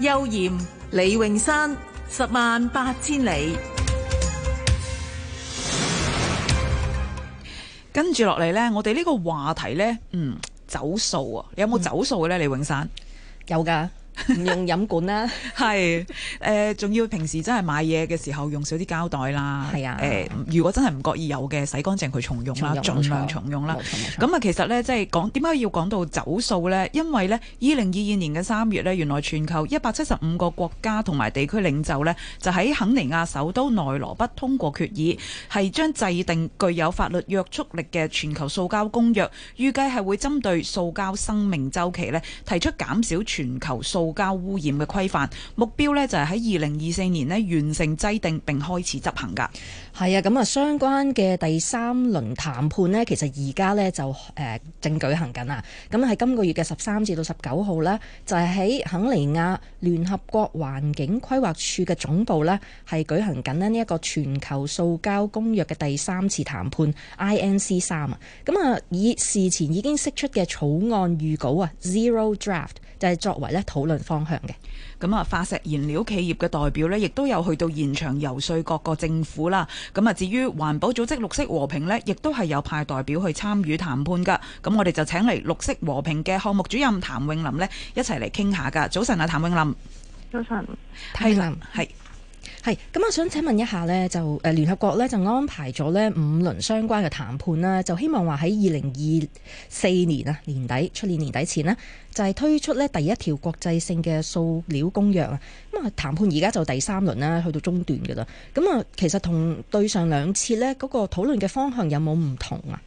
邱賢、李永山，十萬八千里。跟住落嚟呢，我哋呢個話題呢，嗯，走數啊，你有冇走數嘅咧？嗯、李永山有㗎。唔用飲管啦，係， 誒、呃、仲要平時真係買嘢嘅時候用少啲膠袋啦，係 啊，誒、呃、如果真係唔覺意有嘅，洗乾淨佢重用啦，儘量重用啦。咁啊，其實咧即係講點解要講到走數咧？因為咧，二零二二年嘅三月咧，原來全球一百七十五個國家同埋地區領袖咧，就喺肯尼亞首都內羅畢通過決議，係將制定具有法律約束力嘅全球塑膠公約，預計係會針對塑膠生命週期咧提出減少全球塑塑膠污染嘅規範目標呢，就係喺二零二四年咧完成制定並開始執行噶。係啊，咁啊，相關嘅第三輪談判呢，其實而家呢就誒正舉行緊啊。咁喺今個月嘅十三至到十九號呢，就係、是、喺肯尼亞聯合國環境規劃署嘅總部呢，係舉行緊咧呢一個全球塑膠公約嘅第三次談判 （INC 三）啊。咁啊，以事前已經釋出嘅草案預稿啊 （Zero Draft） 就係作為咧討論。方向嘅，咁啊，化石燃料企業嘅代表呢，亦都有去到現場游說各個政府啦。咁啊，至於環保組織、綠色和平呢，亦都係有派代表去參與談判㗎。咁我哋就請嚟綠色和平嘅項目主任譚穎琳呢，一齊嚟傾下㗎。早晨啊，譚穎琳。早晨上。譚穎林。係。係咁我想請問一下咧，就誒聯、呃、合國咧就安排咗咧五輪相關嘅談判啦，就希望話喺二零二四年啊年底出年年底前呢，就係、是、推出咧第一條國際性嘅塑料公約啊！咁啊談判而家就第三輪啦，去到中段噶啦。咁、嗯、啊，其實同對上兩次咧嗰、那個討論嘅方向有冇唔同啊？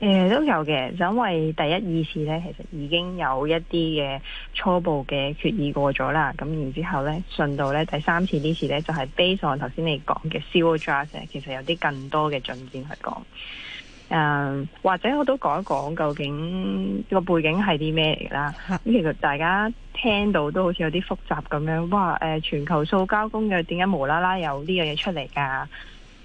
誒、呃，都有嘅，就因為第一二次呢，其實已經有一啲嘅初步嘅決議過咗啦。咁然之後咧，順道呢，第三次呢次呢，就係 base on 頭先你講嘅 zero draft 其實有啲更多嘅進展去講。誒、呃，或者我都講一講究竟個背景係啲咩嚟啦。咁、嗯、其實大家聽到都好似有啲複雜咁樣。哇！誒、呃，全球塑膠公約點解無啦啦有呢樣嘢出嚟噶？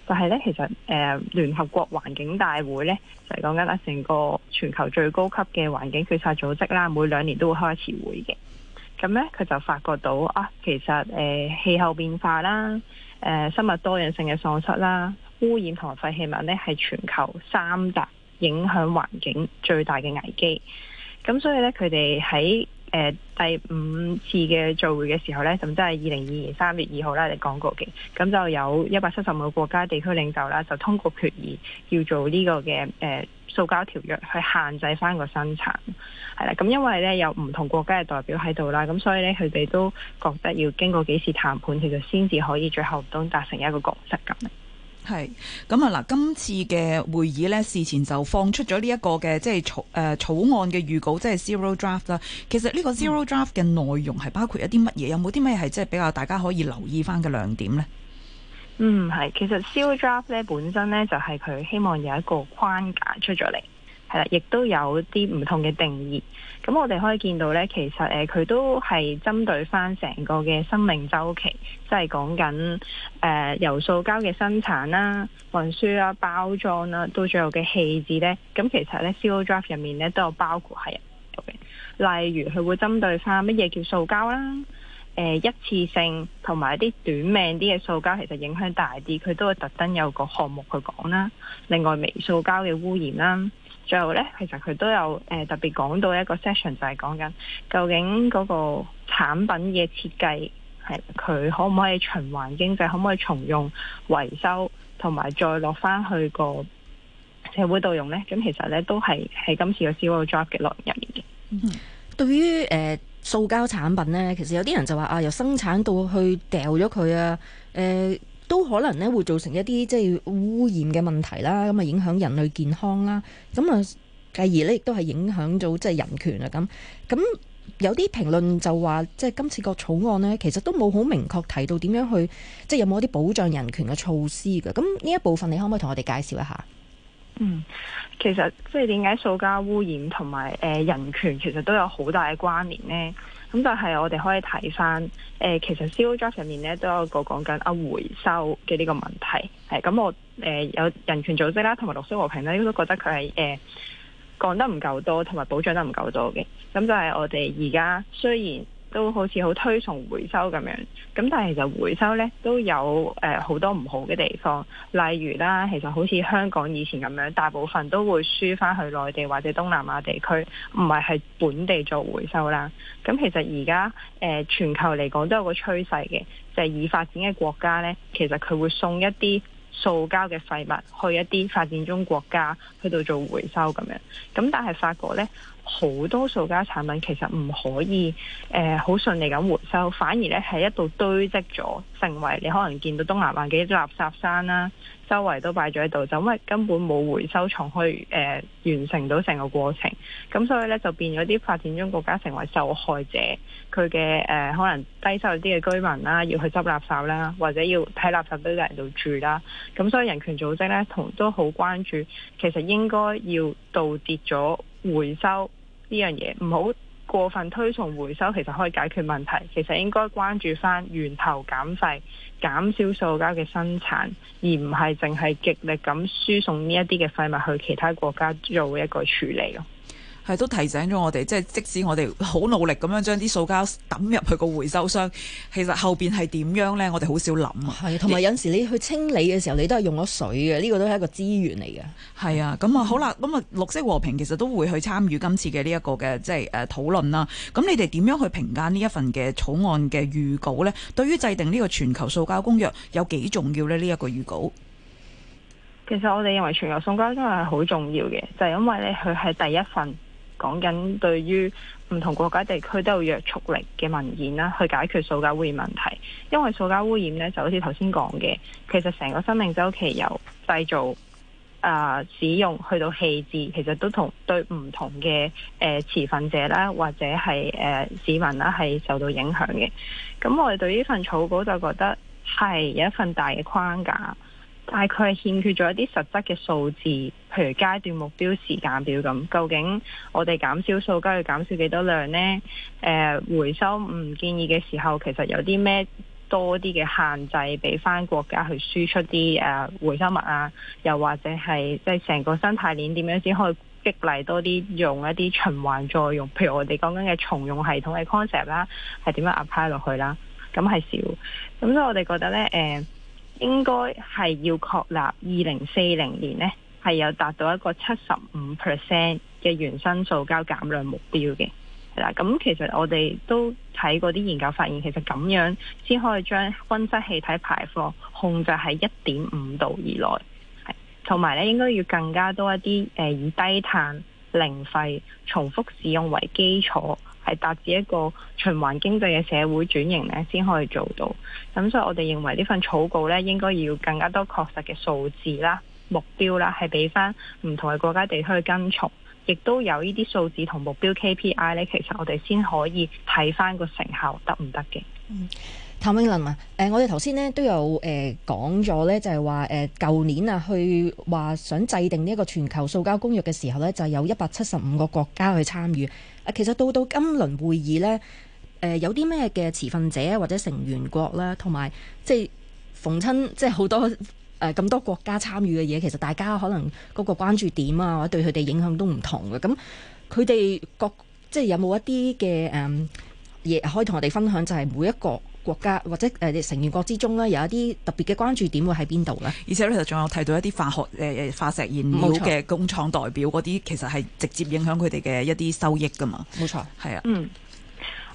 就係咧，其實誒、呃、聯合國環境大會咧，就係、是、講緊啊，成個全球最高級嘅環境決策組織啦，每兩年都會開一次會嘅。咁咧，佢就發覺到啊，其實誒、呃、氣候變化啦、誒、呃、生物多樣性嘅喪失啦、污染同埋廢棄物咧，係全球三大影響環境最大嘅危機。咁所以咧，佢哋喺誒、呃，第五次嘅聚會嘅時候呢，咁都係二零二二年三月二號啦，你講過嘅，咁就有一百七十五個國家地區領袖啦，就通過決議，要做呢個嘅誒、呃，塑膠條約去限制翻個生產，係啦，咁因為呢有唔同國家嘅代表喺度啦，咁所以呢，佢哋都覺得要經過幾次談判，其實先至可以最後都達成一個共識咁。係咁啊！嗱，今次嘅會議咧，事前就放出咗呢一個嘅即係草誒草案嘅預告，即係 zero draft 啦。其實呢個 zero draft 嘅內容係包括一啲乜嘢？有冇啲咩係即係比較大家可以留意翻嘅亮點咧？嗯，係，其實 zero draft 咧本身咧就係佢希望有一個框架出咗嚟。係啦，亦都有啲唔同嘅定義。咁我哋可以見到呢，其實誒佢、呃、都係針對翻成個嘅生命周期，即係講緊誒由塑膠嘅生產啦、運輸啊、包裝啦，到最後嘅棄置咧。咁其實呢 Zero Draft 入面咧都有包括係，例如佢會針對翻乜嘢叫塑膠啦，誒、呃、一次性同埋啲短命啲嘅塑膠，其實影響大啲，佢都會特登有個項目去講啦。另外微塑膠嘅污染啦。最後咧，其實佢都有誒特別講到一個 session，就係講緊究竟嗰個產品嘅設計係佢可唔可以循環經濟，可唔可以重用、維修同埋再落翻去個社會度用咧？咁其實咧都係喺今次嘅 zero draft 嘅內容入面嘅。嗯、哼對於誒塑膠產品咧，其實有啲人就話啊，由生產到去掉咗佢啊，誒、呃。都可能咧會造成一啲即係污染嘅問題啦，咁啊影響人類健康啦，咁啊繼而咧亦都係影響到即係人權啊咁。咁有啲評論就話，即係今次個草案呢，其實都冇好明確提到點樣去，即係有冇一啲保障人權嘅措施嘅。咁呢一部分你可唔可以同我哋介紹一下？嗯。其實即係點解塑膠污染同埋誒人權其實都有好大嘅關聯呢？咁但係我哋可以睇翻誒，其實 zero draft 上面呢都有一個講緊啊回收嘅呢個問題係咁，我誒、呃、有人權組織啦，同埋綠色和平呢都覺得佢係誒講得唔夠多，同埋保障得唔夠多嘅。咁就係我哋而家雖然。都好似好推崇回收咁樣，咁但係其實回收呢都有誒、呃、好多唔好嘅地方，例如啦，其實好似香港以前咁樣，大部分都會輸返去內地或者東南亞地區，唔係係本地做回收啦。咁其實而家誒全球嚟講都有個趨勢嘅，就係、是、已發展嘅國家呢，其實佢會送一啲塑膠嘅廢物去一啲發展中國家去到做回收咁樣。咁但係法國呢。好多塑膠產品其實唔可以誒好、呃、順利咁回收，反而呢喺一度堆積咗，成為你可能見到東南亞嘅一啲垃圾山啦，周圍都擺咗喺度，就因為根本冇回收廠去誒完成到成個過程，咁所以呢就變咗啲發展中國家成為受害者，佢嘅誒可能低收入啲嘅居民啦，要去執垃圾啦，或者要喺垃圾堆嘅人度住啦，咁所以人權組織呢，同都好關注，其實應該要倒跌咗回收。呢樣嘢唔好過分推崇回收，其實可以解決問題。其實應該關注返源頭減廢，減少塑膠嘅生產，而唔係淨係極力咁輸送呢一啲嘅廢物去其他國家做一個處理咯。係都提醒咗我哋，即係即使我哋好努力咁樣將啲塑膠抌入去個回收箱，其實後邊係點樣呢？我哋好少諗啊。係，同埋有陣時你去清理嘅時候，你都係用咗水嘅，呢個都係一個資源嚟嘅。係啊，咁啊好啦，咁啊綠色和平其實都會去參與今次嘅呢一個嘅即係誒討論啦。咁你哋點樣去評價呢一份嘅草案嘅預告呢？對於制定呢個全球塑膠公約有幾重要呢？呢、這、一個預告。其實我哋認為全球塑膠公約係好重要嘅，就係、是、因為咧佢係第一份。講緊對於唔同國家地區都有約束力嘅文件啦，去解決塑膠污染問題。因為塑膠污染呢，就好似頭先講嘅，其實成個生命周期由製造、啊、呃、使用去到棄置，其實都對同對唔同嘅誒持份者啦，或者係誒、呃、市民啦係受到影響嘅。咁我哋對呢份草稿就覺得係有一份大嘅框架。大概係欠缺咗一啲實質嘅數字，譬如階段目標、時間表咁。究竟我哋減少塑膠要減少幾多量呢？誒、呃、回收唔建議嘅時候，其實有啲咩多啲嘅限制，俾翻國家去輸出啲誒、呃、回收物啊？又或者係即係成個生態鏈點樣先可以激勵多啲用一啲循環再用，譬如我哋講緊嘅重用系統嘅 concept 啦，係點樣 apply 落去啦？咁係少，咁所以我哋覺得呢。誒、呃。應該係要確立二零四零年呢係有達到一個七十五 percent 嘅原生塑膠減量目標嘅嗱。咁、嗯、其實我哋都睇過啲研究，發現其實咁樣先可以將溫室氣體排放控制喺一點五度以內，同埋咧應該要更加多一啲誒、呃，以低碳、零廢、重複使用為基礎。係達至一個循環經濟嘅社會轉型咧，先可以做到。咁所以我哋認為呢份草稿咧，應該要更加多確實嘅數字啦、目標啦，係俾翻唔同嘅國家地區跟從，亦都有呢啲數字同目標 KPI 呢，其實我哋先可以睇翻個成效得唔得嘅。行譚穎琳啊，誒、呃，我哋頭先咧都有誒、呃、講咗咧，就係話誒舊年啊，去話想制定呢一個全球塑膠公約嘅時候咧，就有一百七十五個國家去參與。啊、呃，其實到到今輪會議咧，誒、呃、有啲咩嘅持份者或者成員國啦，同埋即係逢親即係好多誒咁、呃、多國家參與嘅嘢，其實大家可能嗰個關注點啊，或者對佢哋影響都唔同嘅。咁佢哋各即係有冇一啲嘅誒嘢可以同我哋分享，就係、是、每一個。國家或者誒、呃、成員國之中咧，有一啲特別嘅關注點會喺邊度咧？而且咧，就仲有提到一啲化學誒誒、呃、化石燃料嘅工廠代表嗰啲，錯其實係直接影響佢哋嘅一啲收益㗎嘛？冇錯，係啊。嗯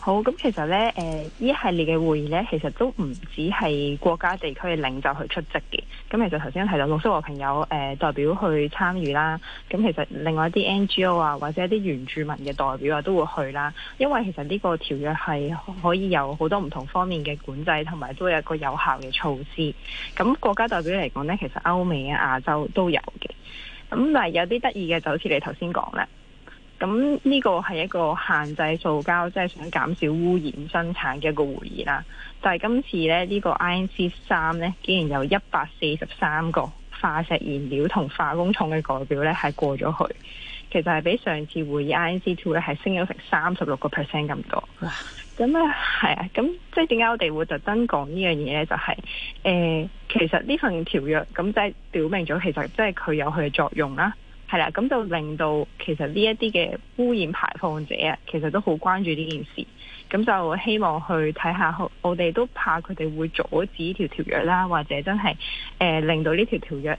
好，咁其實咧，呢、呃、一系列嘅會議咧，其實都唔止係國家地區嘅領袖去出席嘅。咁其實頭先提到綠色和平有誒代表去參與啦。咁其實另外一啲 NGO 啊，或者一啲原住民嘅代表啊，都會去啦。因為其實呢個條約係可以有好多唔同方面嘅管制，同埋都有一個有效嘅措施。咁國家代表嚟講咧，其實歐美啊、亞洲都有嘅。咁但係有啲得意嘅，就好似你頭先講啦。咁呢個係一個限制塑膠，即、就、係、是、想減少污染生產嘅一個會議啦。但係今次咧，呢個 I N C 三咧，竟然有一百四十三個化石燃料同化工廠嘅代表咧，係過咗去。其實係比上次會議 I N C two 咧，係升咗成三十六個 percent 咁多。咁咧係啊，咁即係點解我哋會特登講呢樣嘢咧？就係、是、誒、呃，其實呢份條約咁即係表明咗，其實即係佢有佢嘅作用啦。係啦，咁就令到其實呢一啲嘅污染排放者啊，其實都好關注呢件事，咁就希望去睇下，我哋都怕佢哋會阻止呢條條約啦，或者真係誒、呃、令到呢條條約誒執、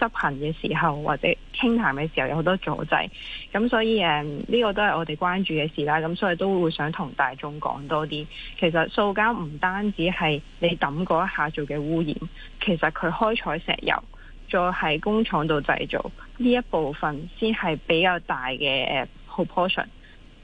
呃、行嘅時候，或者傾談嘅時候有好多阻滯，咁所以誒呢、呃呢個都係我哋關注嘅事啦，咁所以都會想同大眾講多啲。其實塑膠唔單止係你抌嗰一下做嘅污染，其實佢開採石油。就喺工廠度製造呢一部分先係比較大嘅誒 proportion，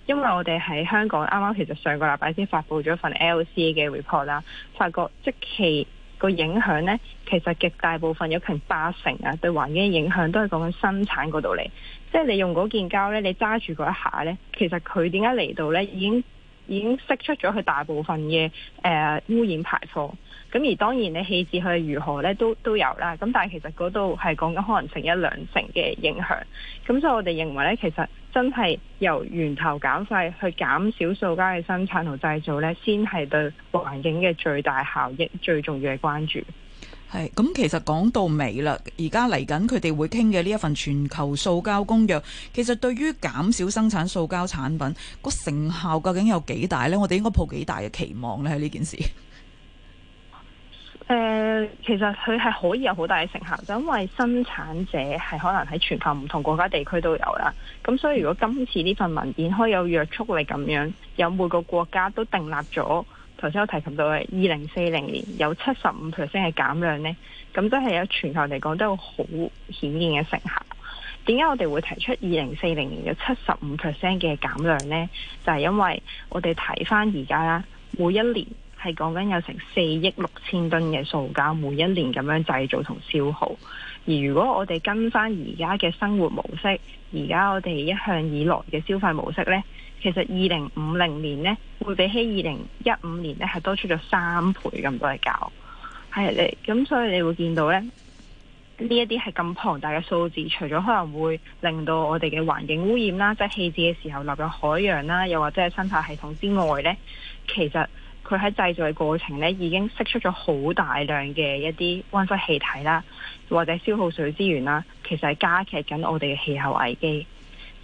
因為我哋喺香港啱啱其實上個禮拜先發佈咗份 LC 嘅 report 啦，發覺即係其個影響呢，其實極大部分有成八成啊，對環境嘅影響都係講緊生產嗰度嚟，即係你用嗰件膠呢，你揸住嗰一下呢，其實佢點解嚟到呢已經。已經釋出咗佢大部分嘅誒污染排放，咁而當然你棄置佢如何呢？都都有啦，咁但係其實嗰度係講緊可能成一兩成嘅影響，咁所以我哋認為呢，其實真係由源頭減廢去減少塑膠嘅生產同製造呢，先係對環境嘅最大效益，最重要嘅關注。係咁，其實講到尾啦，而家嚟緊佢哋會傾嘅呢一份全球塑膠公約，其實對於減少生產塑膠產品個成效，究竟有幾大呢？我哋應該抱幾大嘅期望呢？喺呢件事。誒，其實佢係可以有好大嘅成效，就因為生產者係可能喺全球唔同國家地區都有啦。咁所以如果今次呢份文件可以有約束力咁樣，有每個國家都訂立咗。頭先我提及到嘅二零四零年有七十五 percent 嘅減量呢，咁都係有全球嚟講都好顯現嘅成效。點解我哋會提出二零四零年有七十五 percent 嘅減量呢？就係因為我哋睇翻而家啦，每一年係講緊有成四億六千噸嘅塑膠每一年咁樣製造同消耗，而如果我哋跟翻而家嘅生活模式，而家我哋一向以來嘅消費模式呢。其實二零五零年呢，會比起二零一五年呢，係多出咗三倍咁多嘅膠係你咁，所以你會見到呢，呢一啲係咁龐大嘅數字，除咗可能會令到我哋嘅環境污染啦，即係棄置嘅時候流入海洋啦，又或者係生態系統之外呢，其實佢喺製造嘅過程呢，已經釋出咗好大量嘅一啲溫室氣體啦，或者消耗水資源啦，其實係加劇緊我哋嘅氣候危機。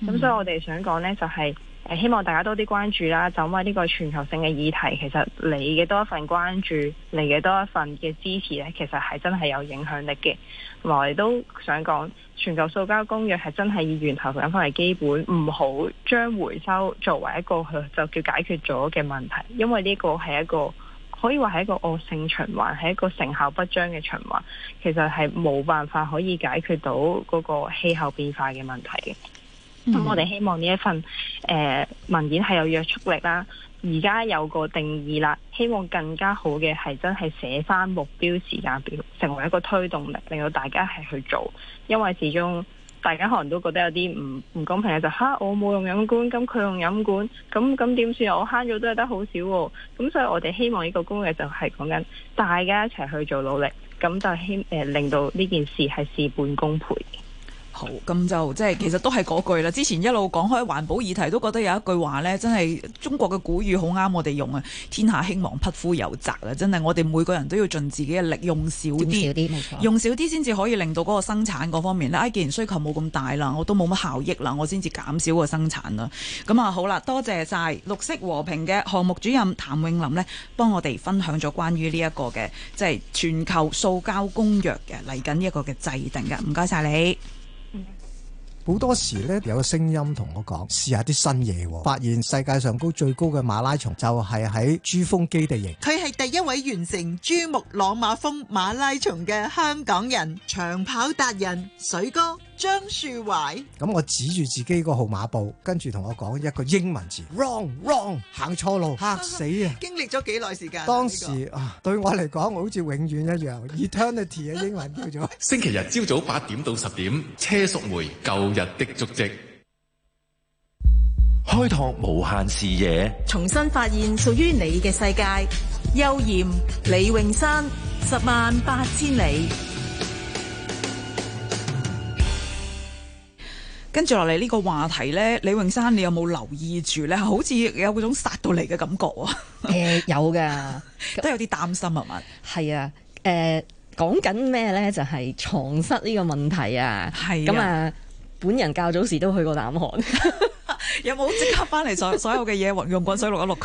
咁所以我哋想講呢，就係、是。希望大家多啲關注啦。就因為呢個全球性嘅議題，其實你嘅多一份關注，你嘅多一份嘅支持咧，其實係真係有影響力嘅。同埋，我都想講，全球塑膠公約係真係以源頭減廢為基本，唔好將回收作為一個就叫解決咗嘅問題，因為呢個係一個可以話係一個惡性循環，係一個成效不彰嘅循環，其實係冇辦法可以解決到嗰個氣候變化嘅問題嘅。咁、嗯、我哋希望呢一份誒、呃、文件係有約束力啦，而家有個定義啦，希望更加好嘅係真係寫翻目標時間表，成為一個推動力，令到大家係去做。因為始終大家可能都覺得有啲唔唔公平嘅，就嚇、啊、我冇用飲管，咁佢用飲管，咁咁點算？我慳咗都係得好少喎、啊。咁所以我哋希望呢個工嘅就係講緊大家一齊去做努力，咁就希誒、呃、令到呢件事係事半功倍。好咁，就即係，其實都係嗰句啦。之前一路講開環保議題，都覺得有一句話呢，真係中國嘅古語好啱我哋用啊。天下興亡，匹夫有責啊！真係我哋每個人都要盡自己嘅力，用少啲，用少啲，冇錯，用少啲先至可以令到嗰個生產嗰方面咧。哎，既然需求冇咁大啦，我都冇乜效益啦，我先至減少個生產啦。咁啊，好啦，多謝晒綠色和平嘅項目主任譚穎琳呢，幫我哋分享咗關於呢一個嘅即係全球塑膠公約嘅嚟緊呢一個嘅制定嘅。唔該晒你。好多時咧，有個聲音同我講，試下啲新嘢、哦，發現世界上高最高嘅馬拉松就係喺珠峰基地營。佢係第一位完成珠穆朗瑪峰馬拉松嘅香港人，長跑達人水哥。張樹懷，咁我指住自己個號碼簿，跟住同我講一個英文字 ong,，wrong wrong，行錯路，吓死啊！經歷咗幾耐時間、啊？當時、這個、啊，對我嚟講，我好似永遠一樣，eternity 嘅英文叫做。 星期日朝早八點到十點，車淑梅，舊日的足迹，開拓無限視野，重新發現屬於你嘅世界。邱艷，李永山，十萬八千里。跟住落嚟呢個話題呢，李永山你有冇留意住呢？好似有嗰種殺到嚟嘅感覺啊！誒、呃，有噶，都有啲擔心啊嘛。係啊，誒，講緊咩呢？就係床蝨呢個問題啊。係、啊。咁啊，本人較早時都去過南韓。 有冇即刻翻嚟？所所有嘅嘢用滾水淥一淥，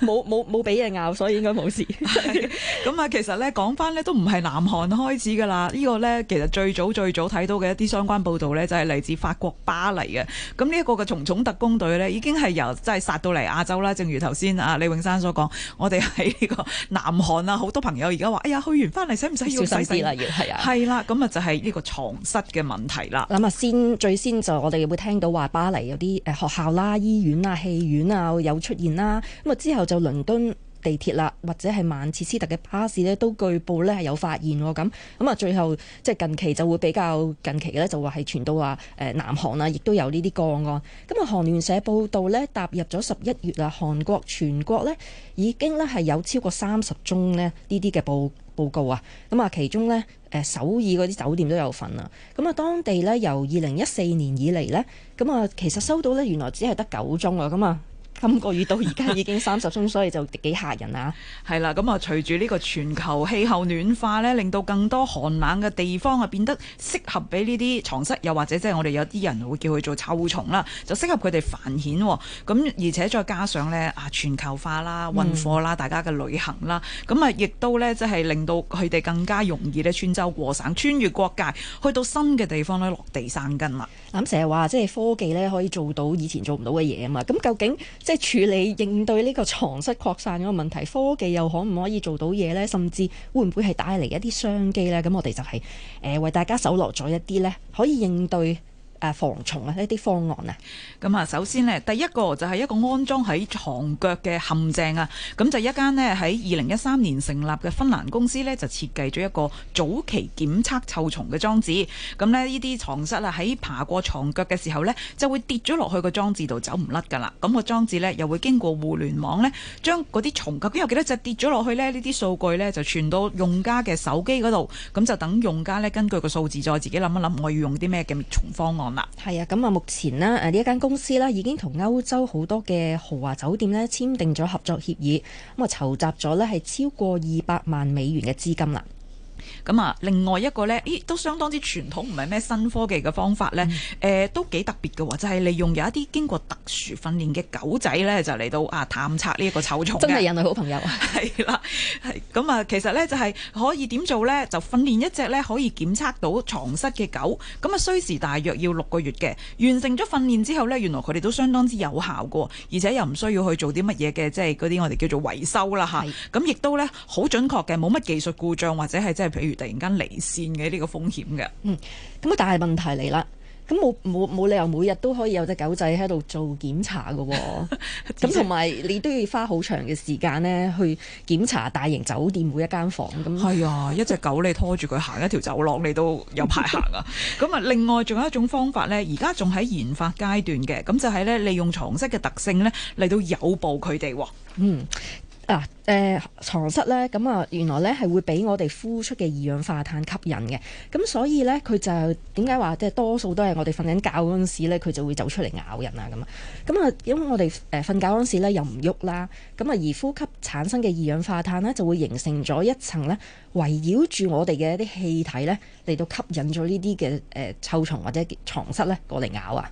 冇冇冇俾人咬，所以應該冇事。咁 啊，其實咧講翻咧都唔係南韓開始㗎啦。這個、呢個咧其實最早最早睇到嘅一啲相關報導咧，就係嚟自法國巴黎嘅。咁呢一個嘅蟲蟲特工隊咧，已經係由即係、就是、殺到嚟亞洲啦。正如頭先啊李永山所講，我哋喺呢個南韓啊，好多朋友而家話，哎呀，去完翻嚟使唔使要洗啦？要係啊，係啦。咁啊就係呢個床蝨嘅問題啦。咁啊先最先就我哋會聽到話巴黎有啲誒校啦、醫院啊、戲院啊有出現啦，咁啊之後就倫敦地鐵啦，或者係曼徹斯特嘅巴士呢，都據報呢係有發現喎，咁咁啊最後即係近期就會比較近期嘅呢，就話係傳到話誒南韓啦，亦都有呢啲個案，咁啊韓聯社報道呢，踏入咗十一月啊，韓國全國呢已經呢係有超過三十宗呢呢啲嘅報報告啊，咁啊，其中咧，誒、呃、首爾嗰啲酒店都有份啊。咁、嗯、啊，當地咧由二零一四年以嚟咧，咁、嗯、啊，其實收到咧原來只係得九宗啊，咁、嗯、啊。今個月到而家已經三十宗， 所以就幾嚇人啊。係啦，咁啊，隨住呢個全球氣候暖化咧，令到更多寒冷嘅地方啊變得適合俾呢啲床蝨，又或者即係我哋有啲人會叫佢做臭蟲啦，就適合佢哋繁衍。咁而且再加上咧啊，全球化啦、運貨啦、大家嘅旅行啦，咁啊、嗯，亦都咧即係令到佢哋更加容易咧穿州過省、穿越國界，去到新嘅地方咧落地生根啦。嗱咁成日話即係科技咧可以做到以前做唔到嘅嘢啊嘛，咁究竟即處理應對呢個床蝨擴散嗰個問題，科技又可唔可以做到嘢呢？甚至會唔會係帶嚟一啲商機呢？咁我哋就係誒為大家搜羅咗一啲呢，可以應對。誒、啊、防蟲啊！呢啲方案咧，咁啊，首先咧，第一個就係一個安裝喺床腳嘅陷阱啊。咁就一間咧喺二零一三年成立嘅芬蘭公司咧，就設計咗一個早期檢測臭蟲嘅裝置。咁咧，呢啲床蝨啊，喺爬過床腳嘅時候呢，就會跌咗落去個裝置度走唔甩㗎喇。咁個裝置呢，又會經過互聯網呢，將嗰啲蟲究竟有幾多隻跌咗落去呢，呢啲數據呢，就傳到用家嘅手機嗰度。咁就等用家咧，根據個數字再自己諗一諗，我要用啲咩嘅滅蟲方案。係啊，咁啊，目前呢，誒呢一間公司咧，已經同歐洲好多嘅豪華酒店咧簽訂咗合作協議，咁啊籌集咗咧係超過二百萬美元嘅資金啦。咁啊，另外一個呢，咦，都相當之傳統，唔係咩新科技嘅方法呢？誒、嗯呃，都幾特別嘅就係、是、利用有一啲經過特殊訓練嘅狗仔呢，就嚟到啊探測呢一個臭蟲，真係人類好朋友啊！係啦，咁啊、嗯，其實呢，就係可以點做呢？就訓練一隻呢，可以檢測到床蝨嘅狗，咁啊需時大約要六個月嘅。完成咗訓練之後呢，原來佢哋都相當之有效嘅，而且又唔需要去做啲乜嘢嘅，即係嗰啲我哋叫做維修啦吓，咁亦是都呢，好準確嘅，冇乜技術故障或者係即係。譬如。突然間離線嘅呢，這個風險嘅，嗯，咁啊，但係問題嚟啦，咁冇冇冇理由每日都可以有隻狗仔喺度做檢查噶、哦，咁同埋你都要花好長嘅時間咧去檢查大型酒店每一間房咁。係啊，哎，一隻狗你拖住佢行一條走廊你都有排行啊。咁啊，另外仲有一種方法咧，而家仲喺研發階段嘅，咁就係咧利用床蝨嘅特性咧嚟到誘捕佢哋。嗯。嗱，誒床、啊呃、蝨咧，咁、嗯、啊，原來咧係會俾我哋呼出嘅二氧化碳吸引嘅，咁、嗯、所以咧佢就點解話即係多數都係我哋瞓緊覺嗰陣時咧，佢就會走出嚟咬人啊咁啊，咁、嗯、啊、嗯，因為我哋誒瞓覺嗰陣時咧又唔喐啦，咁、嗯、啊而呼吸產生嘅二氧化碳咧就會形成咗一層咧圍繞住我哋嘅一啲氣體咧嚟到吸引咗呢啲嘅誒臭蟲或者床蝨咧過嚟咬啊。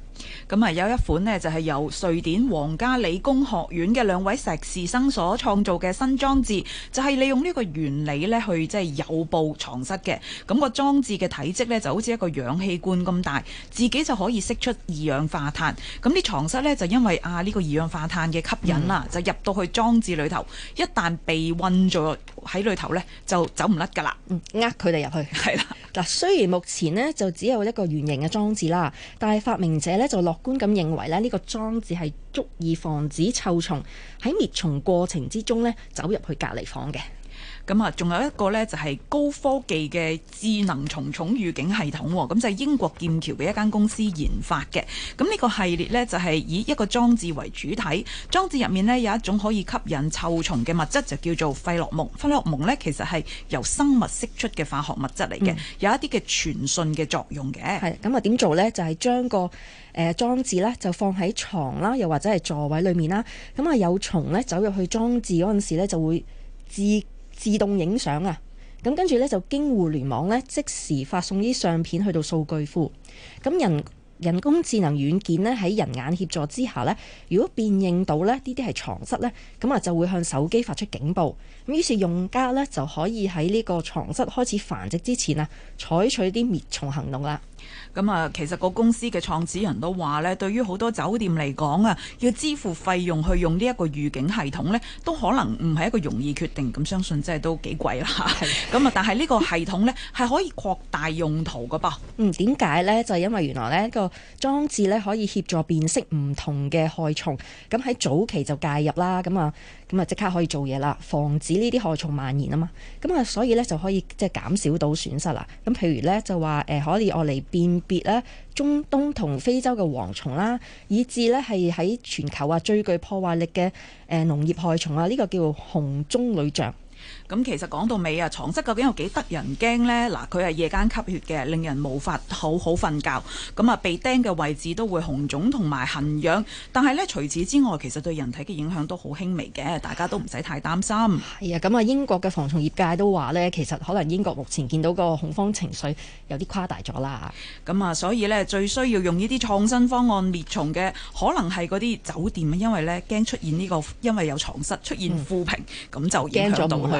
咁啊有一款咧就係、是、由瑞典皇家理工學院嘅兩位碩士生所創造嘅新裝置，就係、是、利用呢個原理咧去即係誘捕床蝨嘅。咁、那個裝置嘅體積咧就好似一個氧氣罐咁大，自己就可以釋出二氧化碳。咁啲床蝨呢，就因為啊呢、這個二氧化碳嘅吸引啦，嗯、就入到去裝置裏頭，一旦被困咗喺裏頭呢，就走唔甩噶啦。呃佢哋入去係啦。嗱，雖然目前呢，就只有一個原型嘅裝置啦，但係發明者呢。就樂觀咁認為咧，呢個裝置係足以防止臭蟲喺滅蟲過程之中咧走入去隔籬房嘅。咁啊，仲有一個咧，就係高科技嘅智能蟲蟲預警系統，咁就係英國劍橋嘅一間公司研發嘅。咁呢個系列咧，就係以一個裝置為主體，裝置入面咧有一種可以吸引臭蟲嘅物質，就叫做費洛蒙。費洛蒙咧其實係由生物釋出嘅化學物質嚟嘅，嗯、有一啲嘅傳訊嘅作用嘅。係咁啊，點做咧？就係、是、將個誒、呃、裝置咧就放喺床啦，又或者係座位裏面啦。咁啊，有蟲咧走入去裝置嗰陣時咧，就會自。知。自動影相啊，咁跟住咧就經互聯網咧即時發送啲相片去到數據庫，咁人人工智能軟件咧喺人眼協助之下咧，如果辨認到咧呢啲係藏室床蝨咧，咁啊就會向手機發出警報，咁於是用家咧就可以喺呢個床蝨開始繁殖之前啊，採取啲滅蟲行動啦。咁啊，其實個公司嘅創始人都話咧，對於好多酒店嚟講啊，要支付費用去用呢一個預警系統咧，都可能唔係一個容易決定。咁相信即係都幾貴啦。咁啊，但係呢個系統咧係可以擴大用途噶噃。嗯，點解咧？就係因為原來咧個裝置咧可以協助辨識唔同嘅害蟲，咁喺早期就介入啦。咁啊，咁啊即刻可以做嘢啦，防止呢啲害蟲蔓延啊嘛。咁啊，所以咧就可以即係減少到損失啦。咁譬如咧就話誒可以用嚟。辨別咧，中東同非洲嘅蝗蟲啦，以至咧係喺全球話最具破壞力嘅誒農業害蟲啊，呢、這個叫做紅棕櫚象。咁其實講到尾啊，床蝨究竟有幾得人驚呢？嗱，佢係夜間吸血嘅，令人無法好好瞓覺。咁啊，被釘嘅位置都會紅腫同埋痕癢。但係咧，除此之外，其實對人體嘅影響都好輕微嘅，大家都唔使太擔心。係啊、嗯，咁、嗯、啊，英國嘅防蟲業界都話咧，其實可能英國目前見到個恐慌情緒有啲誇大咗啦。咁啊，所以咧，最需要用呢啲創新方案滅蟲嘅，可能係嗰啲酒店啊，因為咧驚出現呢、這個因為有床蝨出現負評，咁、嗯、就影響到佢。